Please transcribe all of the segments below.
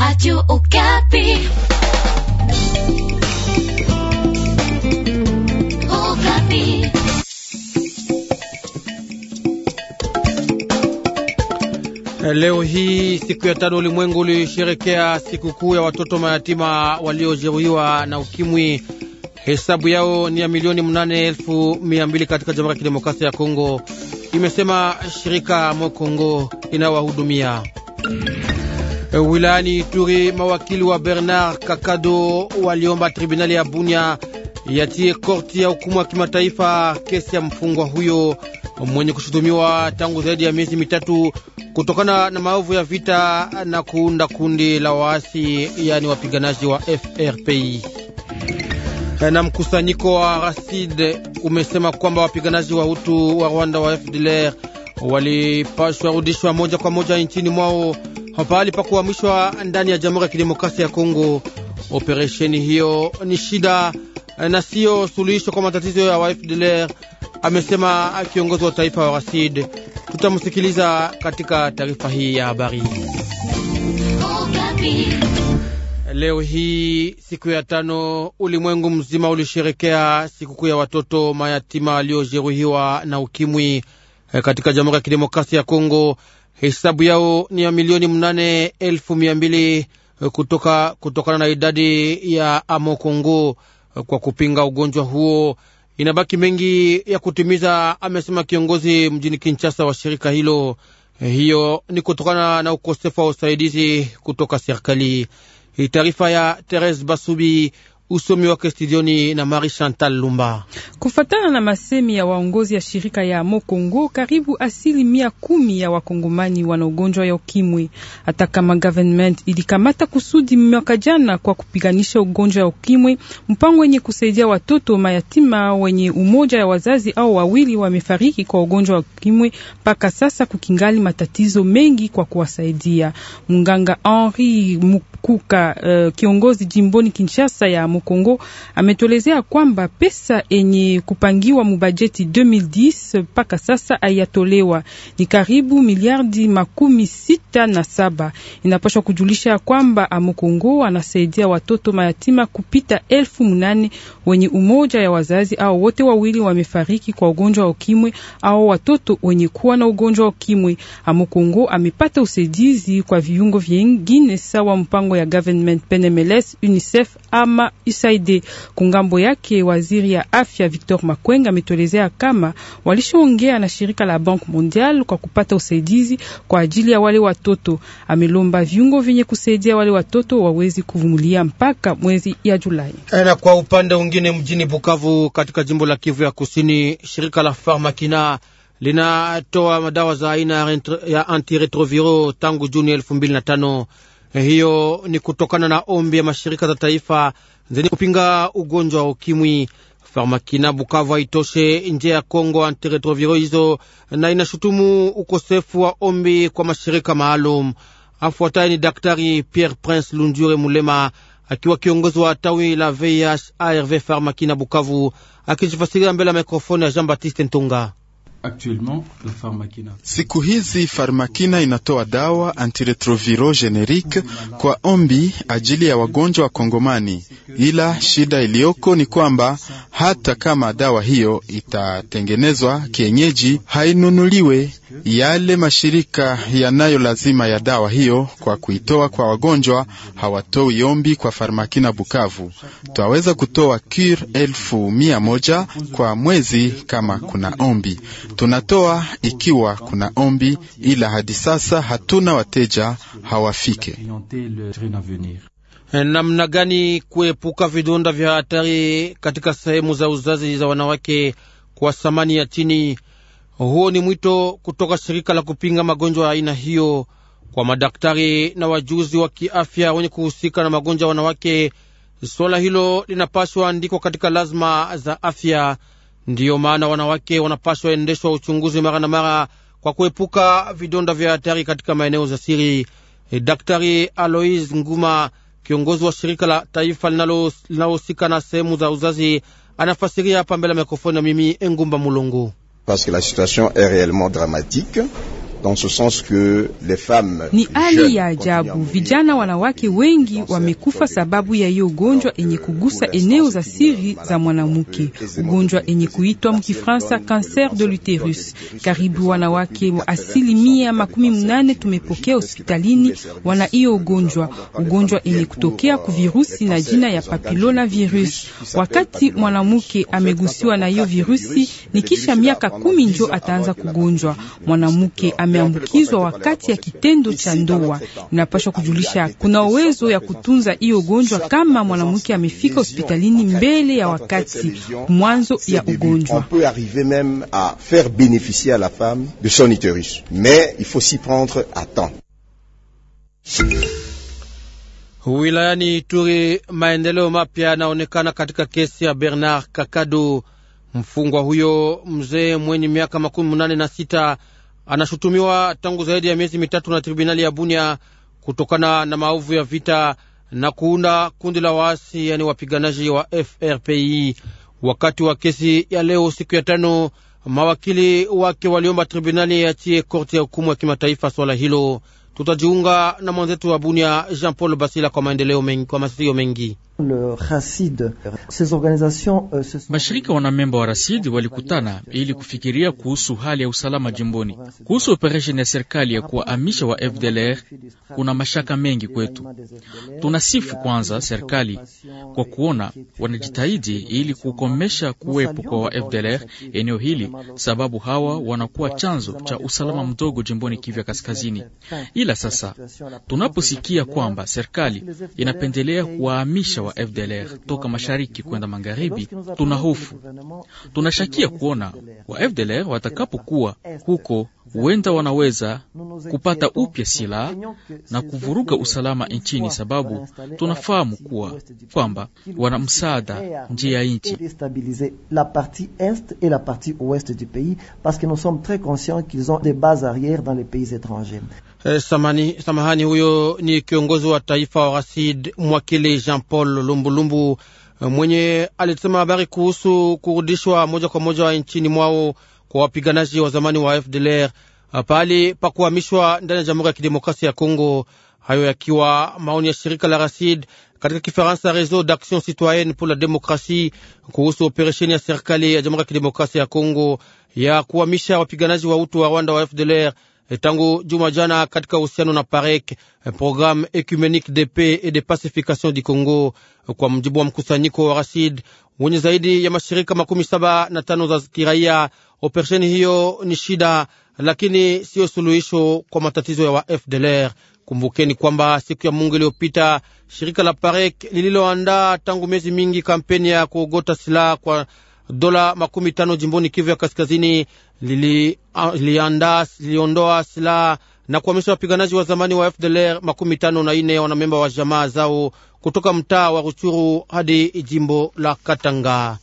Radio Okapi. Okapi. Leo hii siku ya tano ulimwengu ulisherekea sikukuu ya watoto mayatima waliojeruhiwa na ukimwi. Hesabu yao ni ya milioni mnane elfu mia mbili katika Jamhuri ya Kidemokrasia ya Kongo, imesema shirika Mokongo inayowahudumia. E, wilayani Ituri, mawakili wa Bernard Kakado waliomba tribunali ya Bunya yatie korti ya hukumu ya kimataifa kesi ya mfungwa huyo mwenye kushutumiwa tangu zaidi ya miezi mitatu kutokana na maovu ya vita na kuunda kundi la waasi, yaani wapiganaji wa FRPI. E, na mkusanyiko wa Rasid umesema kwamba wapiganaji wa Hutu wa Rwanda wa FDLR walipashwa rudishwa moja kwa moja nchini mwao pahali pa kuhamishwa ndani ya Jamhuri ya Kidemokrasia ya Kongo. Operesheni hiyo ni shida eh, na siyo suluhisho kwa matatizo ya waFDLR, amesema kiongozi wa taifa wa Rasid. Tutamsikiliza katika taarifa hii ya habari. Leo hii siku ya tano, ulimwengu mzima ulisherekea sikukuu ya watoto mayatima waliojeruhiwa na ukimwi eh, katika Jamhuri ya Kidemokrasia ya Kongo hesabu yao ni ya milioni mnane elfu mia mbili eh, kutoka kutokana na idadi ya Amokongo eh, kwa kupinga ugonjwa huo. Inabaki mengi ya kutimiza, amesema kiongozi mjini Kinshasa wa shirika hilo. Eh, hiyo ni kutokana na ukosefu wa usaidizi kutoka serikali. taarifa ya Therese Basubi Usomi wake studioni na Marie Chantal Lumba. Kufatana na masemi ya waongozi ya shirika ya Amo Kongo, karibu asilimia kumi ya wakongomani wana ugonjwa ya ukimwi. Hata kama government ilikamata kusudi mwaka jana kwa kupiganisha ugonjwa ya ukimwi, mpango wenye kusaidia watoto mayatima wenye umoja ya wazazi au wawili wamefariki kwa ugonjwa wa ukimwi, mpaka sasa kukingali matatizo mengi kwa kuwasaidia. Mganga Henri Kuka uh, kiongozi jimboni Kinshasa ya Mukongo ametolezea kwamba pesa enye kupangiwa mubajeti 2010 mpaka sasa haiyatolewa ni karibu miliardi makumi sita na saba. Inapashwa kujulisha kwamba Amukongo anasaidia watoto mayatima kupita elfu munane wenye umoja ya wazazi au wote wawili wamefariki kwa ugonjwa wa ukimwi au watoto wenye kuwa na ugonjwa wa ukimwi. Amukongo amepata usaidizi kwa viungo vyengine sawa mpango ya Government PNMLS, UNICEF ama USAID. Kungambo yake waziri ya afya Victor Makwenga ametuelezea kama walishoongea na shirika la Bank Mondial kwa kupata usaidizi kwa ajili ya wale watoto. Amelomba viungo vyenye kusaidia wale watoto wawezi kuvumilia mpaka mwezi ya Julai. Na kwa upande mwingine, mjini Bukavu katika jimbo la Kivu ya Kusini, shirika la Farmakina linatoa madawa za aina ya antiretroviro tangu Juni elfu mbili na tano Eh, hiyo ni kutokana na ombi ya mashirika za taifa zenye kupinga ugonjwa wa ukimwi. Farmakina Bukavu haitoshe nje ya Kongo antiretroviro hizo na inashutumu ukosefu wa ombi kwa mashirika maalum. Afuataye ni Daktari Pierre Prince Lundure Mulema akiwa kiongozi wa tawi la VIH ARV Farmakina Bukavu akijifasiria mbele ya mikrofoni ya Jean Baptiste Ntunga. Siku hizi Farmakina inatoa dawa antiretroviro generique kwa ombi ajili ya wagonjwa wa Kongomani, ila shida iliyoko ni kwamba hata kama dawa hiyo itatengenezwa kienyeji, hainunuliwe yale mashirika yanayo lazima ya dawa hiyo kwa kuitoa kwa wagonjwa hawatoi ombi kwa Farmakina Bukavu. Twaweza kutoa cure elfu mia moja kwa mwezi kama kuna ombi tunatoa ikiwa kuna ombi, ila hadi sasa hatuna wateja hawafike. Eh, namna gani kuepuka vidonda vya hatari katika sehemu za uzazi za wanawake kwa thamani ya chini? Huo ni mwito kutoka shirika la kupinga magonjwa ya aina hiyo kwa madaktari na wajuzi wa kiafya wenye kuhusika na magonjwa ya wanawake. Suala hilo linapaswa andikwa katika lazima za afya Ndiyo maana wanawake wanapaswa endeshwa uchunguzi mara na mara kwa kuepuka vidonda vya hatari katika maeneo za siri. E, Daktari Alois Nguma, kiongozi wa shirika la taifa linalohusika na sehemu za uzazi, anafasiria hapa mbele ya mikrofoni na mimi Engumba Mulongo. Ni hali ya ajabu, vijana wanawake wengi wamekufa sababu ya hiyo ugonjwa enye kugusa eneo za siri za mwanamke, ugonjwa enye kuitwa mkifransa cancer de l'uterus. Karibu wanawake asilimia makumi mnane tumepokea hospitalini wana hiyo ugonjwa, ugonjwa enye kutokea euh, ku virusi na jina ya papilona virus. Wakati mwanamke amegusiwa na hiyo virusi, ni kisha miaka kumi njo ataanza kugonjwa mwanamke ame ameambukizwa wakati ya kitendo cha ndoa, inapaswa kujulisha. Kuna uwezo ya kutunza hiyo ugonjwa kama mwanamke amefika hospitalini mbele ya wakati mwanzo ya ugonjwa. Wilayani Ituri, maendeleo mapya yanaonekana katika kesi ya Bernard Kakado. Mfungwa huyo mzee mwenye miaka makumi munane na sita anashutumiwa tangu zaidi ya miezi mitatu na tribunali ya Bunia kutokana na maovu ya vita na kuunda kundi la waasi, yani wapiganaji wa FRPI. Wakati wa kesi ya leo siku ya tano, mawakili wake waliomba tribunali yachie korti ya hukumu ya kimataifa swala hilo. Tutajiunga na mwenzetu wa Bunia, Jean Paul Basila, kwa maendeleo mengi, kwa masio mengi Euh, Mashirika wanamemba wa rasid walikutana ili kufikiria kuhusu hali ya usalama jimboni. Kuhusu operesheni ya serikali ya kuwahamisha wa FDLR, kuna mashaka mengi kwetu. Tunasifu kwanza serikali kwa kuona wanajitahidi ili kukomesha kuwepo kwa wa FDLR eneo hili, sababu hawa wanakuwa chanzo cha usalama mdogo jimboni kivya Kaskazini. Ila sasa tunaposikia kwamba serikali inapendelea kuwahamisha wa FDLR toka mashariki kwenda magharibi, tuna hofu, tunashakia kuona wa FDLR watakapokuwa huko huenda wanaweza kupata upya silaha na kuvuruga usalama nchini, sababu tunafahamu kuwa kwamba wana msaada nje ya nchi. Eh, samani, samahani, huyo ni kiongozi wa taifa wa Rasid, mwakili Jean Paul Lumbulumbu mwenye alisema habari kuhusu kurudishwa moja kwa moja nchini mwao kwa wapiganaji wa zamani wa FDLR uh, pahali pa kuhamishwa ndani ya Jamhuri ya Kidemokrasia ya Kongo. Hayo yakiwa maoni ya shirika la Rasid katika Kifaransa, Reseau d'Action Citoyenne pour la Demokrasie, kuhusu operesheni ya serikali ya Jamhuri ya Kidemokrasia ya Kongo ya kuhamisha wapiganaji wa utu wa Rwanda wa FDLR Eh, tangu juma jana katika uhusiano na PAREK, eh, programme ecumenique de paix et de pacification du Congo, eh, kwa mjibu wa mkusanyiko wa Rashid wenye zaidi ya mashirika makumi saba na tano za kiraia. Operesheni hiyo ni shida, lakini siyo suluhisho kwa matatizo ya wa FDLR. Kumbukeni kwamba siku ya Mungu iliyopita shirika la PAREK lililoandaa tangu miezi mingi kampeni ya kuogota silaha kwa dola makumi tano jimboni Kivu ya Kaskazini liliondoa li silaha na kuhamisha wapiganaji wa zamani wa FDLR makumi tano na ine wanamemba wa jamaa zao kutoka mtaa wa Ruchuru hadi jimbo la Katanga.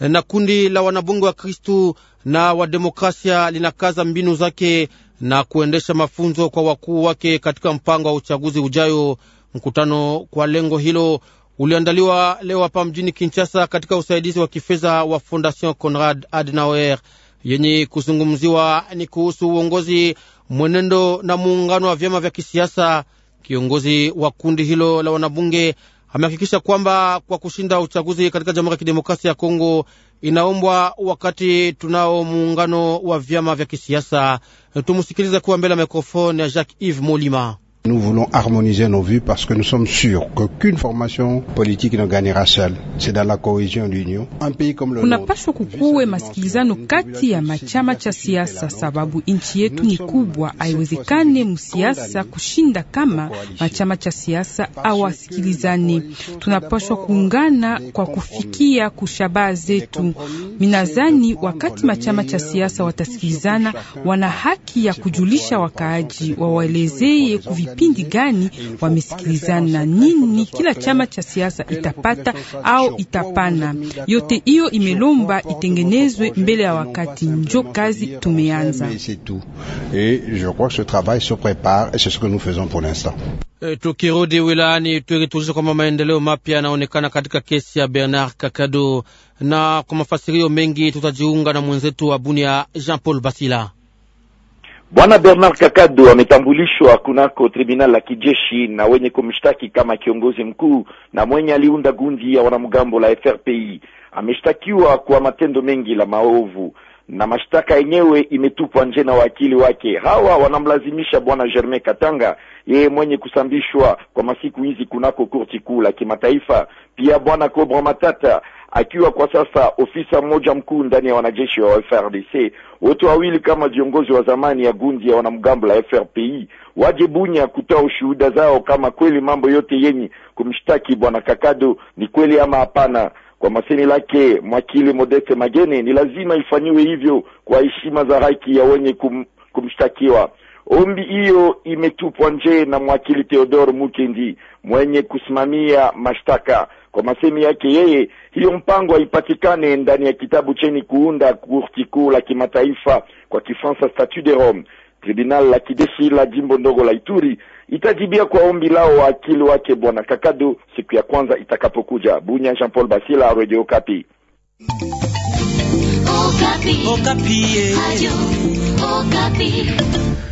Na kundi la wanabunge wa Kristu na wa demokrasia linakaza mbinu zake na kuendesha mafunzo kwa wakuu wake katika mpango wa uchaguzi ujayo. Mkutano kwa lengo hilo uliandaliwa leo hapa mjini Kinshasa katika usaidizi wa kifedha wa Fondation Conrad Adenauer. Yenye kuzungumziwa ni kuhusu uongozi, mwenendo na muungano wa vyama vya kisiasa. Kiongozi wa kundi hilo la wanabunge amehakikisha kwamba kwa kushinda uchaguzi katika Jamhuri ya Kidemokrasia ya Kongo inaombwa wakati tunao muungano wa vyama vya kisiasa. Tumusikilize kuwa mbele ya mikrofoni ya Jacques Yves Molima. Nous voulons harmoniser nos vues parce que nous sommes sûrs qu'aucune formation politique ne gagnera seule. C'est dans la cohésion de l'Union. Un pays comme le kunapaswa kukuwe masikilizano kati ya machama cha siasa, sababu nchi yetu ni kubwa. Haiwezekane msiasa kushinda kama machama cha siasa awasikilizane. Tunapaswa kuungana kwa kufikia kushabaha zetu. Minazani wakati machama cha siasa watasikilizana, wana haki ya kujulisha wakaaji, wawaelezeye kuvi kipindi gani wamesikilizana na nini kila chama cha siasa itapata au itapana. Yote hiyo imelomba itengenezwe mbele ya wakati, njo kazi tumeanza. E, tukirudi wilayani Ituri tujulishe kwamba maendeleo mapya yanaonekana katika kesi ya Bernard Kakado, na kwa mafasirio mengi tutajiunga na mwenzetu wa Bunia Jean Paul Basila. Bwana Bernard Kakadu ametambulishwa kunako tribunal la kijeshi na wenye kumshtaki kama kiongozi mkuu na mwenye aliunda gundi ya wanamgambo la FRPI. Ameshtakiwa kwa matendo mengi la maovu na mashtaka yenyewe imetupwa nje na wakili wake. Hawa wanamlazimisha bwana Germain Katanga, yeye mwenye kusambishwa kwa masiku hizi kunako korti kuu la kimataifa, pia bwana kobra Matata akiwa kwa sasa ofisa mmoja mkuu ndani ya wanajeshi wa FRDC, wote wawili kama viongozi wa zamani ya gundi ya wanamgambo la FRPI, waje Bunya kutoa ushuhuda zao kama kweli mambo yote yenye kumshtaki bwana Kakado ni kweli ama hapana. Kwa masemi lake mwakili Modeste Mageni, ni lazima ifanyiwe hivyo kwa heshima za haki ya wenye kum, kumshtakiwa. Ombi hiyo imetupwa nje na mwakili Theodore Mukendi mwenye kusimamia mashtaka. Kwa masemi yake yeye, hiyo mpango haipatikane ndani ya kitabu cheni kuunda kurti kuu la kimataifa kwa Kifaransa, Statut de Rome. Tribunal la kijeshi la jimbo ndogo la Ituri itajibia kwa ombi lao waakili wake bwana Kakadu siku ya kwanza itakapokuja. Bunya, Jean Paul Basila, Radio Okapi. Okapi. Okapi. Eh.